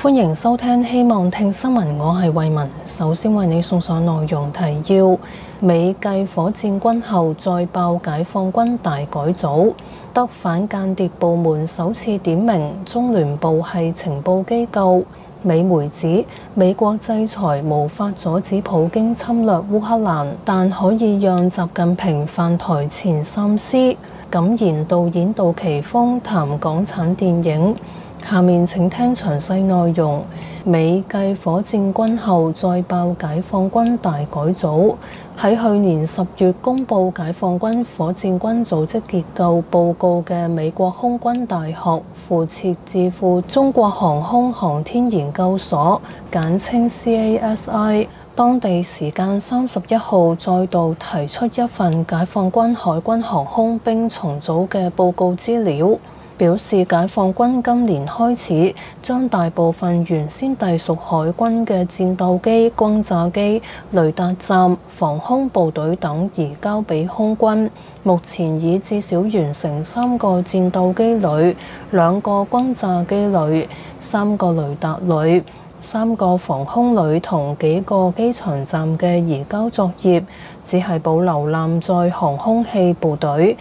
歡迎收聽，希望聽新聞，我係慧雯。首先為你送上內容提要：美繼火箭軍後再爆解放軍大改組，德反間諜部門首次點名中聯部係情報機構。美媒指美國制裁無法阻止普京侵略烏克蘭，但可以讓習近平犯台前三思。敢言導演杜琪峰談港產電影。下面請聽詳細內容。美繼火箭軍後再爆解放軍大改組。喺去年十月公布解放軍火箭軍組織結構報告嘅美國空軍大學附設智庫中國航空航天研究所（簡稱 CASI），當地時間三十一號再度提出一份解放軍海軍航空兵重組嘅報告資料。表示，解放軍今年開始將大部分原先隸屬海軍嘅戰鬥機、轟炸機、雷達站、防空部隊等移交俾空軍。目前已至少完成三個戰鬥機旅、兩個轟炸機旅、三個雷達旅、三個防空旅同幾個機場站嘅移交作業，只係保留艦載航空器部隊。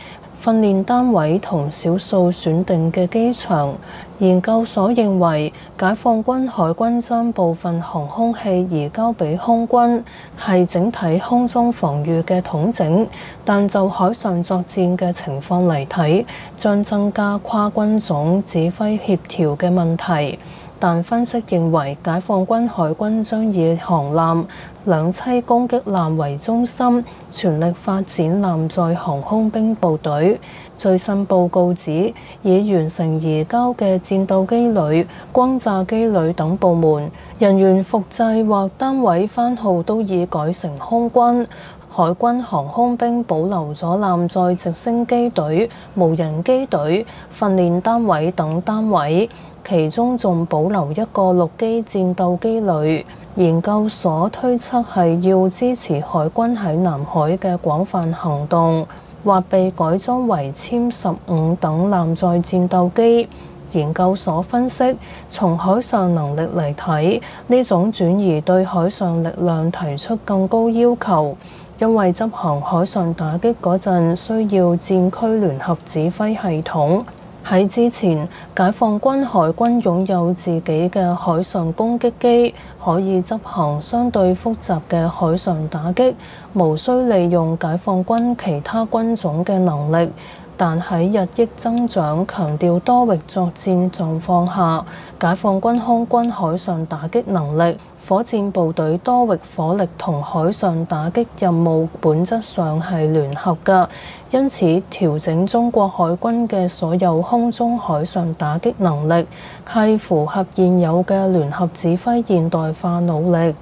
訓練單位同少數選定嘅機場，研究所認為，解放軍海軍將部分航空器移交俾空軍，係整體空中防禦嘅統整，但就海上作戰嘅情況嚟睇，將增加跨軍種指揮協調嘅問題。但分析認為，解放軍海軍將以航艦、兩棲攻擊艦為中心，全力發展艦載航空兵部隊。最新報告指，已完成移交嘅戰鬥機旅、轟炸機旅等部門人員服制或單位番號都已改成空軍、海軍航空兵，保留咗艦載直升機隊、無人機隊、訓練單位等單位。其中仲保留一個陸基戰鬥機旅，研究所推測係要支持海軍喺南海嘅廣泛行動，或被改裝為殲十五等艦載戰鬥機。研究所分析，從海上能力嚟睇，呢種轉移對海上力量提出更高要求，因為執行海上打擊嗰陣需要戰區聯合指揮系統。喺之前，解放軍海軍擁有自己嘅海上攻擊機，可以執行相對複雜嘅海上打擊，無需利用解放軍其他軍種嘅能力。但喺日益增長、強調多域作戰狀況下，解放軍空軍海上打擊能力。火箭部隊多域火力同海上打擊任務本質上係聯合㗎，因此調整中國海軍嘅所有空中海上打擊能力係符合現有嘅聯合指揮現代化努力。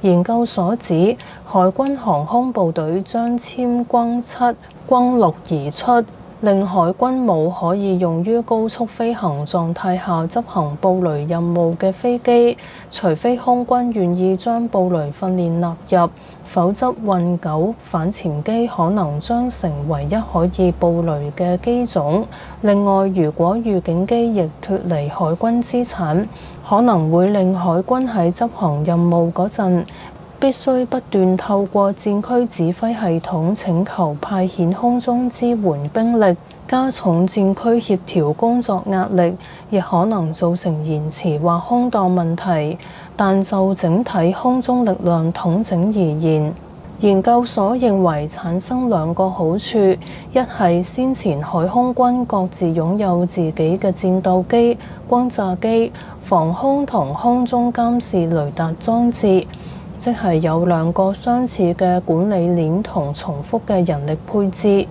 研究所指，海軍航空部隊將殲轟七、轟六移出。令海軍冇可以用於高速飛行狀態下執行布雷任務嘅飛機，除非空軍願意將布雷訓練納入，否則運九反潛機可能將成為一可以布雷嘅機種。另外，如果預警機亦脫離海軍資產，可能會令海軍喺執行任務嗰陣。必須不斷透過戰區指揮系統請求派遣空中支援兵力，加重戰區協調工作壓力，亦可能造成延遲或空檔問題。但就整體空中力量統整而言，研究所認為產生兩個好處：一係先前海空軍各自擁有自己嘅戰鬥機、轟炸機、防空同空中監視雷達裝置。即係有兩個相似嘅管理鏈同重複嘅人力配置，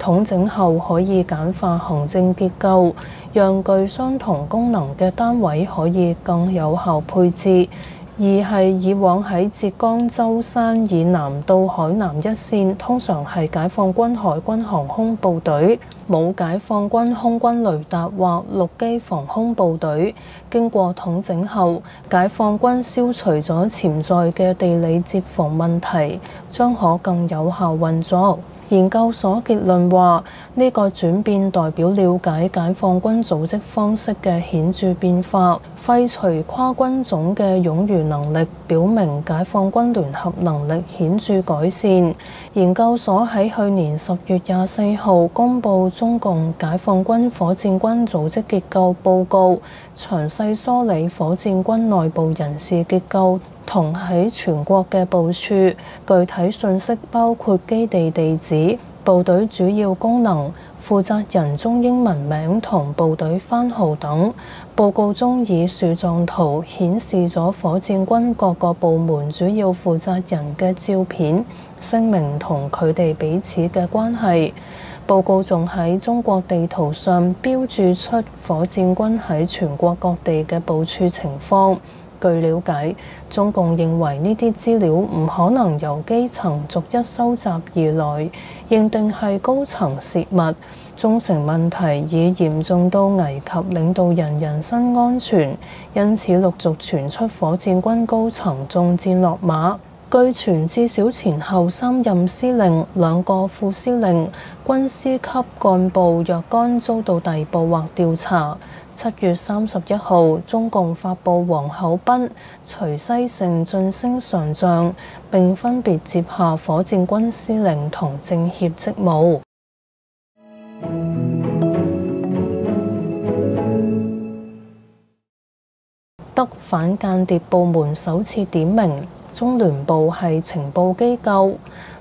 統整後可以簡化行政結構，讓具相同功能嘅單位可以更有效配置。二係以往喺浙江舟山以南到海南一線，通常係解放軍海軍航空部隊，冇解放軍空軍雷達或陸基防空部隊。經過統整後，解放軍消除咗潛在嘅地理接防問題，將可更有效運作。研究所結論話，呢個轉變代表了解解放軍組織方式嘅顯著變化。廢除跨軍種嘅冗餘能力，表明解放軍聯合能力顯著改善。研究所喺去年十月廿四號公佈中共解放軍火箭軍組織結構報告，詳細梳理火箭軍內部人事結構同喺全國嘅部署，具體信息包括基地地址。部隊主要功能、負責人中英文名同部隊番號等。報告中以樹狀圖顯示咗火箭軍各個部門主要負責人嘅照片、姓名同佢哋彼此嘅關係。報告仲喺中國地圖上標註出火箭軍喺全國各地嘅部署情況。據了解，中共認為呢啲資料唔可能由基層逐一收集而來，認定係高層泄密，忠誠問題已嚴重到危及領導人人身安全，因此陸續傳出火箭軍高層中箭落馬。據傳至少前後三任司令、兩個副司令、軍師級幹部若干遭到逮捕或調查。七月三十一號，中共發佈王厚斌、徐西盛晉升上將，並分別接下火箭軍司令同政協職務。德反間諜部門首次點名中聯部係情報機構。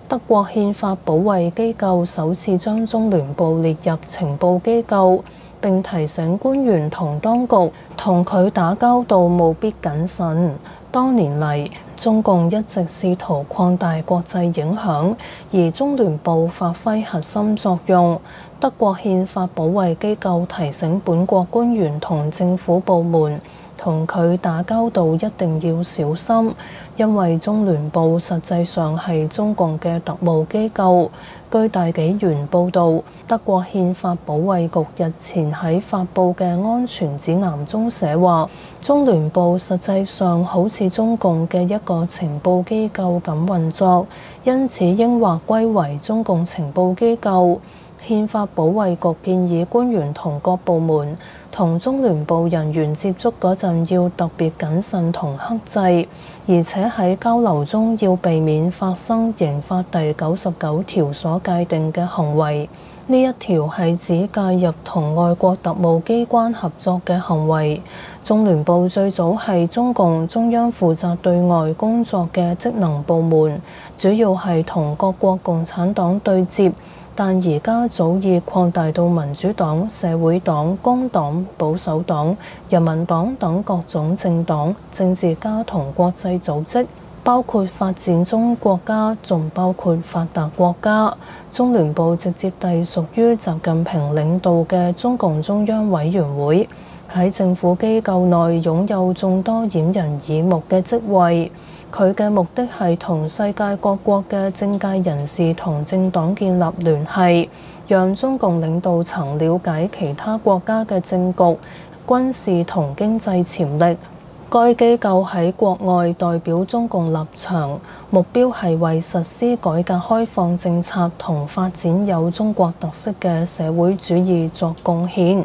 德國憲法保衛機構首次將中聯部列入情報機構。並提醒官員同當局同佢打交道務必謹慎。多年嚟，中共一直試圖擴大國際影響，而中聯部發揮核心作用。德國憲法保衛機構提醒本國官員同政府部門。同佢打交道一定要小心，因為中聯部實際上係中共嘅特務機構。據大紀元報道，德國憲法保衛局日前喺發布嘅安全指南中寫話，中聯部實際上好似中共嘅一個情報機構咁運作，因此應劃歸為中共情報機構。憲法保衞局建議官員同各部門同中聯部人員接觸嗰陣要特別謹慎同克制，而且喺交流中要避免發生刑法第九十九條所界定嘅行為。呢一條係指介入同外國特務機關合作嘅行為。中聯部最早係中共中央負責對外工作嘅職能部門，主要係同各國共產黨對接。但而家早已擴大到民主黨、社會黨、工黨、保守黨、人民黨等各種政黨、政治家同國際組織，包括發展中國家，仲包括發達國家。中聯部直接隸屬於習近平領導嘅中共中央委員會，喺政府機構內擁有眾多掩人耳目嘅職位。佢嘅目的係同世界各國嘅政界人士同政黨建立聯繫，讓中共領導層了解其他國家嘅政局、軍事同經濟潛力。該機構喺國外代表中共立場，目標係為實施改革開放政策同發展有中國特色嘅社會主義作貢獻。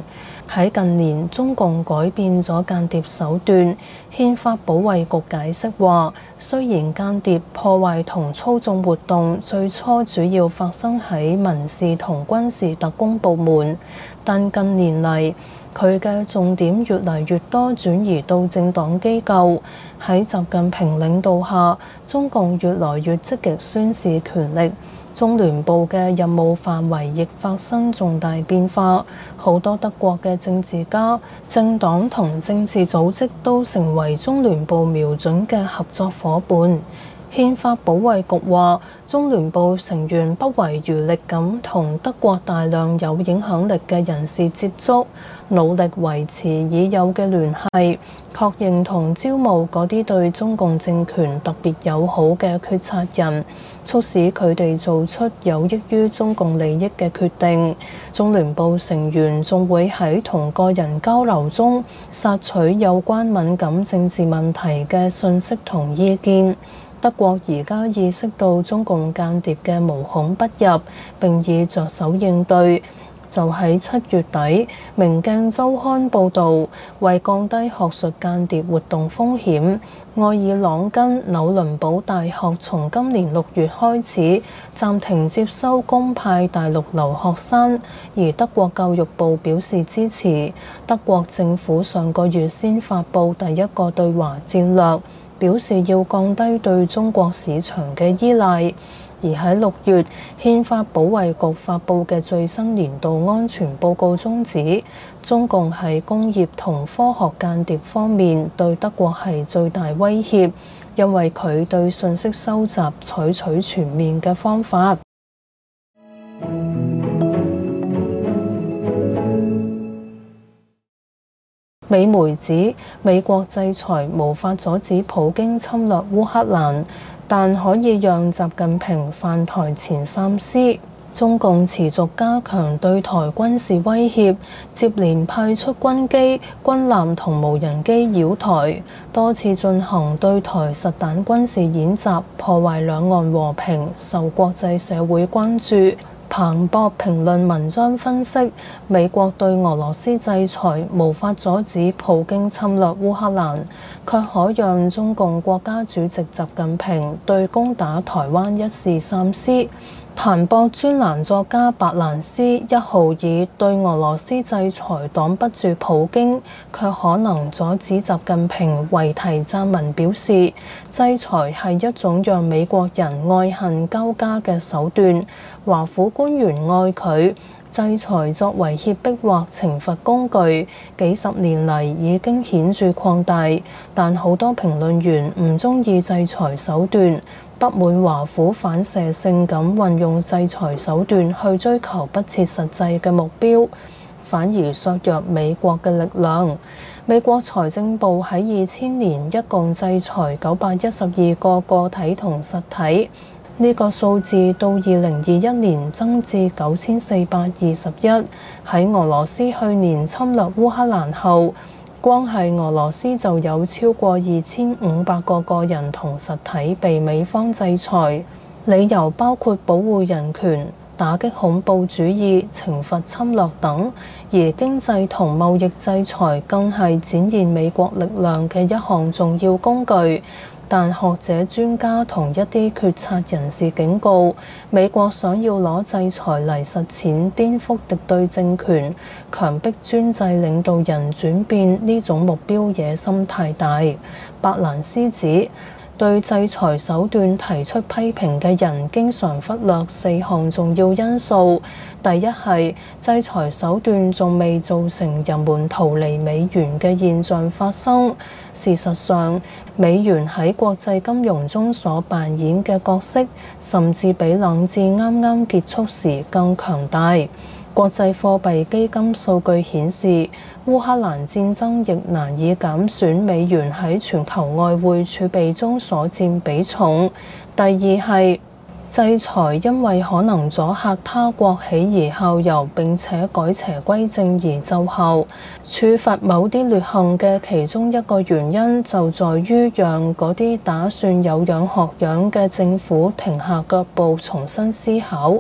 喺近年，中共改變咗間諜手段。憲法保衞局解釋話，雖然間諜破壞同操縱活動最初主要發生喺民事同軍事特工部門，但近年嚟，佢嘅重點越嚟越多轉移到政黨機構。喺習近平領導下，中共越來越積極宣示權力。中聯部嘅任務範圍亦發生重大變化，好多德國嘅政治家、政黨同政治組織都成為中聯部瞄準嘅合作伙伴。憲法保衞局話：中聯部成員不遺餘力咁同德國大量有影響力嘅人士接觸，努力維持已有嘅聯繫，確認同招募嗰啲對中共政權特別友好嘅決策人，促使佢哋做出有益於中共利益嘅決定。中聯部成員仲會喺同個人交流中，索取有關敏感政治問題嘅信息同意見。德國而家意識到中共間諜嘅無孔不入，並已着手應對。就喺七月底，《明鏡周刊》報導，為降低學術間諜活動風險，愛爾朗根紐倫堡大學從今年六月開始暫停接收公派大陸留學生，而德國教育部表示支持。德國政府上個月先發布第一個對華戰略。表示要降低對中國市場嘅依賴，而喺六月，憲法保衛局發布嘅最新年度安全報告中指，中共喺工業同科學間諜方面對德國係最大威脅，因為佢對信息收集採取，取全面嘅方法。美媒指美國制裁無法阻止普京侵略烏克蘭，但可以讓習近平犯台前三思。中共持續加強對台軍事威脅，接連派出軍機、軍艦同無人機繞台，多次進行對台實彈軍事演習，破壞兩岸和平，受國際社會關注。彭博評論文章分析，美國對俄羅斯制裁無法阻止普京侵略烏克蘭，卻可讓中共國家主席習近平對攻打台灣一事三思。《彭博》專欄作家白蘭斯·一號以對俄羅斯制裁擋不住普京，卻可能阻止習近平，為題撰文表示：制裁係一種讓美國人愛恨交加嘅手段。華府官員愛佢，制裁作為脅迫或懲罰工具，幾十年嚟已經顯著擴大，但好多評論員唔中意制裁手段。不滿華府反射性咁運用制裁手段去追求不切實際嘅目標，反而削弱美國嘅力量。美國財政部喺二千年一共制裁九百一十二個個體同實體，呢個數字到二零二一年增至九千四百二十一。喺俄羅斯去年侵略烏克蘭後，光係俄羅斯就有超過二千五百個個人同實體被美方制裁，理由包括保護人權、打擊恐怖主義、懲罰侵略等，而經濟同貿易制裁更係展現美國力量嘅一項重要工具。但學者、專家同一啲決策人士警告，美國想要攞制裁嚟實踐顛覆敵對政權、強迫專制領導人轉變呢種目標野心太大。白蘭斯指，對制裁手段提出批評嘅人，經常忽略四項重要因素。第一係制裁手段仲未造成人們逃離美元嘅現象發生。事實上，美元喺國際金融中所扮演嘅角色，甚至比冷戰啱啱結束時更強大。國際貨幣基金數據顯示，烏克蘭戰爭亦難以減損美元喺全球外匯儲備中所佔比重。第二係，制裁因為可能阻嚇他國起而效尤，並且改邪歸正而奏效。處罰某啲劣行嘅其中一個原因，就在於讓嗰啲打算有樣學樣嘅政府停下腳步，重新思考。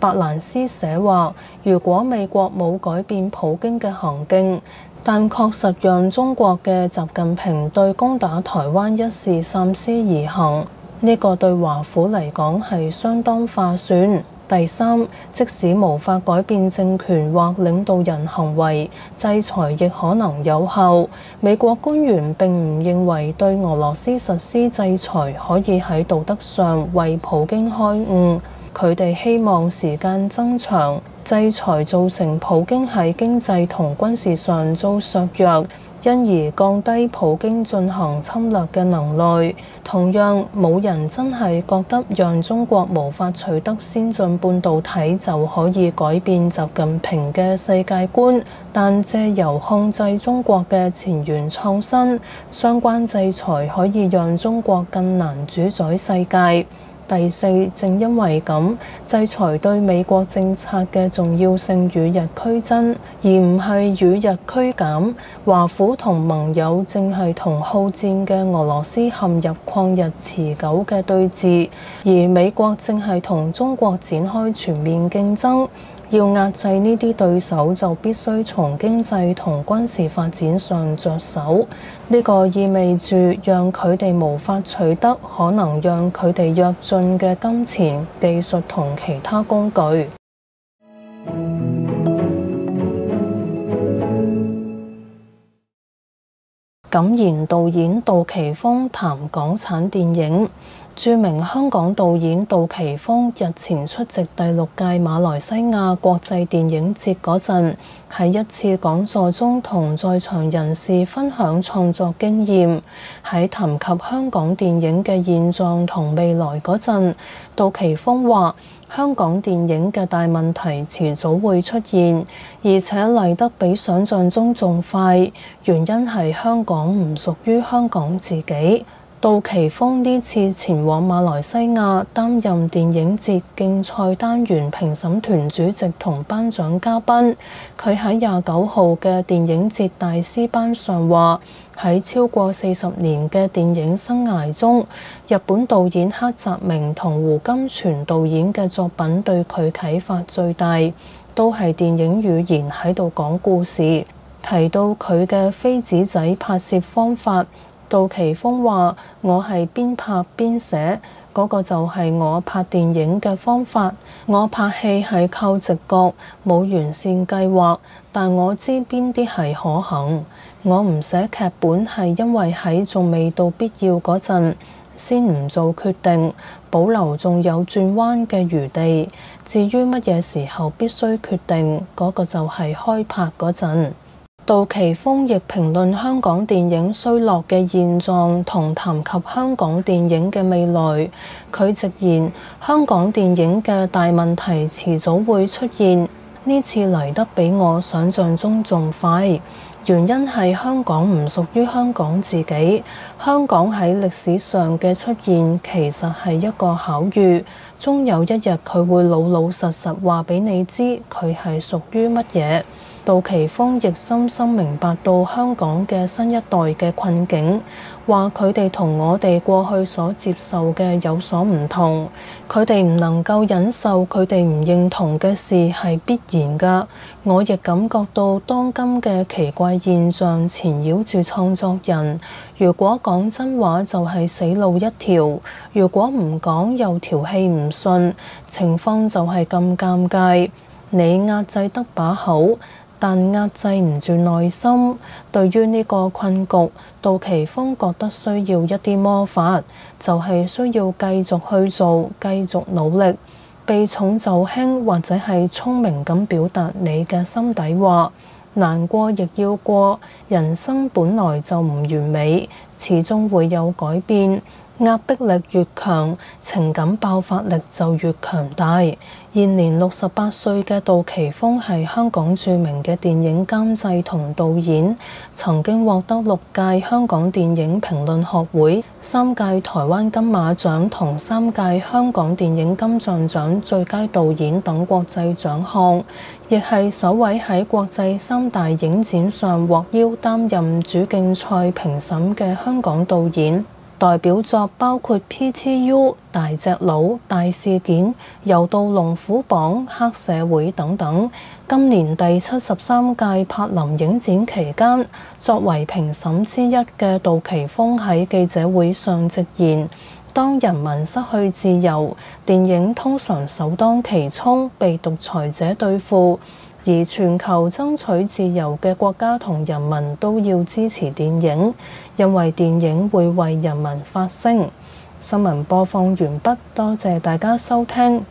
白蘭斯寫話：如果美國冇改變普京嘅行徑，但確實讓中國嘅習近平對攻打台灣一事三思而行。呢個對華府嚟講係相當划算。第三，即使無法改變政權或領導人行為，制裁亦可能有效。美國官員並唔認為對俄羅斯實施制裁可以喺道德上為普京開悟。佢哋希望時間增長，制裁造成普京喺經濟同軍事上遭削弱。因而降低普京進行侵略嘅能力。同樣，冇人真係覺得讓中國無法取得先進半導體就可以改變習近平嘅世界觀。但藉由控制中國嘅前沿創新，相關制裁可以讓中國更難主宰世界。第四，正因為咁，制裁對美國政策嘅重要性與日俱增，而唔係與日俱減。華府同盟友正係同好戰嘅俄羅斯陷入曠日持久嘅對峙，而美國正係同中國展開全面競爭。要壓制呢啲對手，就必須從經濟同軍事發展上着手。呢、這個意味住，讓佢哋無法取得可能讓佢哋躍進嘅金錢、技術同其他工具。敢， 言導演杜琪峰談港產電影。著名香港導演杜琪峰日前出席第六屆馬來西亞國際電影節嗰陣，喺一次講座中同在場人士分享創作經驗。喺談及香港電影嘅現狀同未來嗰陣，杜琪峰話：香港電影嘅大問題遲早會出現，而且嚟得比想像中仲快。原因係香港唔屬於香港自己。杜琪峰呢次前往馬來西亞擔任電影節競賽單元評審團主席同頒獎嘉賓，佢喺廿九號嘅電影節大師班上話：喺超過四十年嘅電影生涯中，日本導演黑澤明同胡金銓導演嘅作品對佢啟發最大，都係電影語言喺度講故事。提到佢嘅飛紙仔拍攝方法。杜琪峰話：我係邊拍邊寫，嗰個就係我拍電影嘅方法。我拍戲係靠直覺，冇完善計劃，但我知邊啲係可行。我唔寫劇本係因為喺仲未到必要嗰陣，先唔做決定，保留仲有轉彎嘅餘地。至於乜嘢時候必須決定，嗰個就係開拍嗰陣。杜琪峰亦評論香港電影衰落嘅現狀，同談及香港電影嘅未來。佢直言香港電影嘅大問題遲早會出現，呢次嚟得比我想象中仲快。原因係香港唔屬於香港自己。香港喺歷史上嘅出現其實係一個巧遇。終有一日佢會老老實實話俾你知佢係屬於乜嘢。杜琪峰亦深深明白到香港嘅新一代嘅困境，話佢哋同我哋過去所接受嘅有所唔同，佢哋唔能夠忍受佢哋唔認同嘅事係必然噶。我亦感覺到當今嘅奇怪現象纏繞住創作人，如果講真話就係死路一條，如果唔講又條氣唔順，情況就係咁尷尬。你壓制得把口。但壓制唔住內心，對於呢個困局，杜琪峰覺得需要一啲魔法，就係需要繼續去做，繼續努力，避重就輕，或者係聰明咁表達你嘅心底話。難過亦要過，人生本來就唔完美，始終會有改變。壓迫力越強，情感爆發力就越強大。現年六十八歲嘅杜琪峰係香港著名嘅電影監製同導演，曾經獲得六屆香港電影評論學會、三屆台灣金馬獎同三屆香港電影金像獎最佳導演等國際獎項，亦係首位喺國際三大影展上獲邀擔任主競賽評審嘅香港導演。代表作包括 PTU、大隻佬、大事件，柔道龍虎榜、黑社會等等。今年第七十三屆柏林影展期間，作為評審之一嘅杜琪峰喺記者會上直言：當人民失去自由，電影通常首當其衝被獨裁者對付。而全球爭取自由嘅國家同人民都要支持電影，因為電影會為人民發聲。新聞播放完畢，多謝大家收聽。